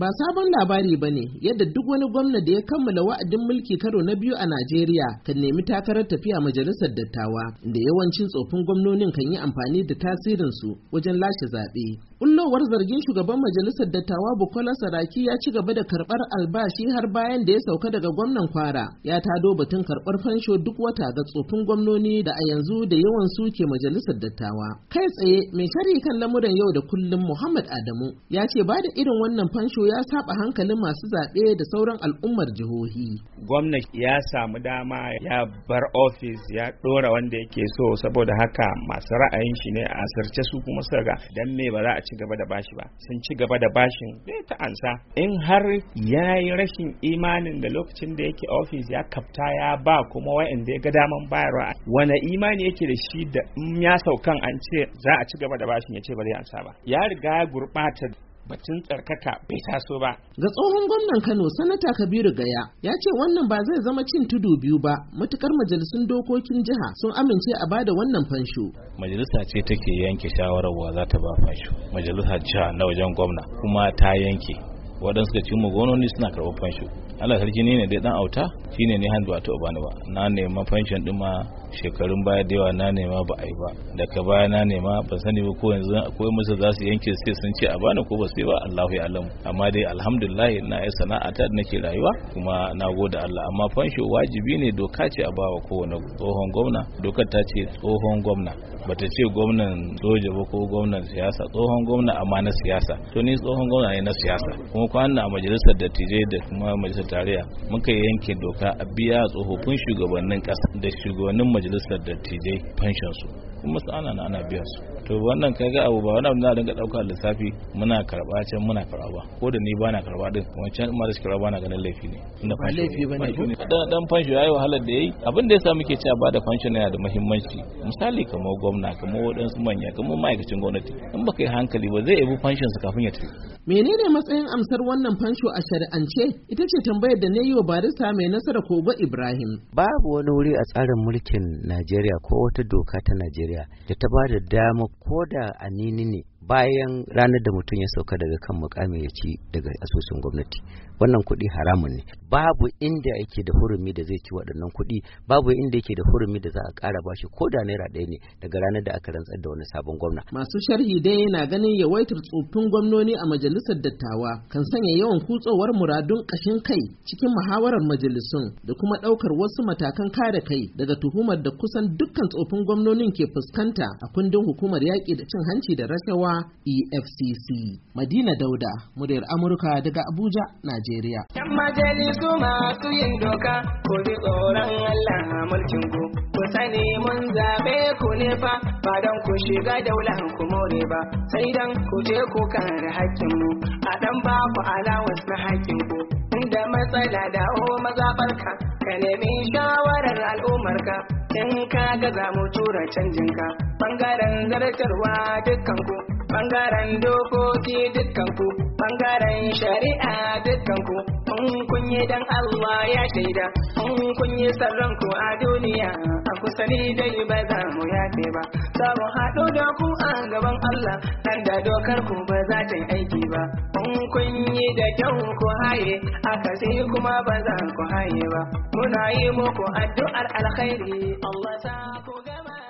Ba sabon labari ba ne yadda duk wani gwamna da ya kammala wa'adin mulki karo na biyu a Najeriya kan nemi takarar tafiya majalisar dattawa da yawancin tsofin gwamnonin kan yi amfani da tasirinsu wajen lashe zaɓe. Ullowar zargin shugaban majalisar dattawa Bukola Saraki ya ci gaba da karɓar albashi har bayan da ya sauka daga gwamnan kwara ya tado batun karɓar fansho duk wata ga tsofin gwamnoni da a yanzu da yawan su ke majalisar dattawa. Kai tsaye mai shari kan lamuran yau da kullum Muhammad Adamu ya ce ba da irin wannan fansho ya saba hankalin masu zaɓe da sauran al'ummar jihohi. Gwamna ya samu dama ya bar ofis ya ɗora wanda yake so saboda haka masu ra'ayin shi ne a asirce su kuma su ga dan me ba za a ci gaba da bashi ba sun ci gaba da bashin bai ta ansa in har ya yi rashin imanin da lokacin da yake ofis ya kapta ya ba kuma wa'anda ya ga daman bayarwa wani imani yake da shi da in ya saukan an ce za a ci gaba da bashin ya ce ba zai ansa ba ya riga ya gurɓata batun tsarkaka bai taso ba. Ga tsohon gwamnan Kano sanata Kabiru Gaya ya ce wannan ba zai zama cin tudu biyu ba matukar majalisun dokokin jiha sun amince a bada wannan fansho. Majalisa ce take yanke shawarar wa za ta ba fansho. Majalisa jiha na wajen gwamna kuma ta yanke waɗansu da cikin magononi suna karɓar fansho Allah sarki ne ne dai dan auta shine ne hanzu a ta bani ba na nema fanshin din ma shekarun baya da yawa na nema ba ai ba daga baya na nema ban sani ba ko yanzu akwai musu za su yanke sai sun ce a bani ko ba sai ba Allahu ya alamu amma dai alhamdulillah na yi sana'ata da nake rayuwa kuma na gode Allah amma fansho wajibi ne doka ce a bawa kowane tsohon gwamna doka ta ce tsohon gwamna bata ce gwamnan soja ba ko gwamnan siyasa tsohon gwamna amma na siyasa to ni tsohon gwamna ne na siyasa kuma kuma kwanan a majalisar dattijai da kuma majalisar tarayya muka yanke doka a biya tsofaffin shugabannin kasa da shugabannin majalisar dattijai fanshin su kuma su ana ana biya su to wannan kaga abu ba wani abu na dinga ɗauka lissafi muna karba can muna karba ba ko da ni ba na karba din kuma can ma da shi karba na ganin laifi ne ina ba laifi ba ne dan dan fansho yayi wahalar da yayi abin da yasa muke cewa ba da fansho yana da muhimmanci misali kamar gwamna kamar waɗansu manya kamar ma'aikacin gwamnati in baka yi hankali ba zai yi bu fanshin su kafin ya tafi menene matsayin amsa ma'anar wannan fansho a shari'ance ita ce tambayar da na yi wa barista mai nasara kogo ibrahim babu wani wuri a tsarin mulkin najeriya ko wata doka ta najeriya da ta ba da dama ko da anini ne bayan ranar da mutum ya sauka daga kan mukami ya ci daga asusun gwamnati wannan kuɗi haramun ne babu inda yake da hurumi da zai ci waɗannan kuɗi babu inda yake da hurumi da za a ƙara shi ko da naira ɗaya ne daga ranar da aka rantsar da wani sabon gwamna masu sharhi dai yana ganin yawaitar tsoffin gwamnoni a majalisar dattawa kan sanya yawan kutsowar muradun ƙashin kai cikin muhawarar majalisun da kuma ɗaukar wasu matakan kare kai daga tuhumar da kusan dukkan tsoffin gwamnonin ke fuskanta a kundin hukumar yaƙi da cin hanci da rashawa EFCC. Madina Dauda, muryar Amurka daga Abuja, Najeriya. Yan majalisu masu yin doka, ku ji tsoron Allah mulkin ku. Ku sani mun zaɓe ku ne fa, ba don ku shiga daular ku more ba, sai dan ku je ku kare hakkin mu, a ɗan ba ku alawas na haƙƙin ku. Inda matsala da o mazaɓarka, ka nemi shawara. farka in ka ga mu tura canjin ka bangaren zartarwa dukkan ku bangaren dokoki dukkan ku bangaren shari'a dukkan ku in kun yi dan Allah ya shaida in kun yi sarran ku a duniya kusa ni dai ba za mu yafe ba za mu haɗu da ku a gaban Allah nan da dokar ku ba za ta yi aiki ba in kun yi da kyau ku haye aka sai kuma ba za ku haye ba muna yi muku addu'ar alkhairi Allah ta ku gama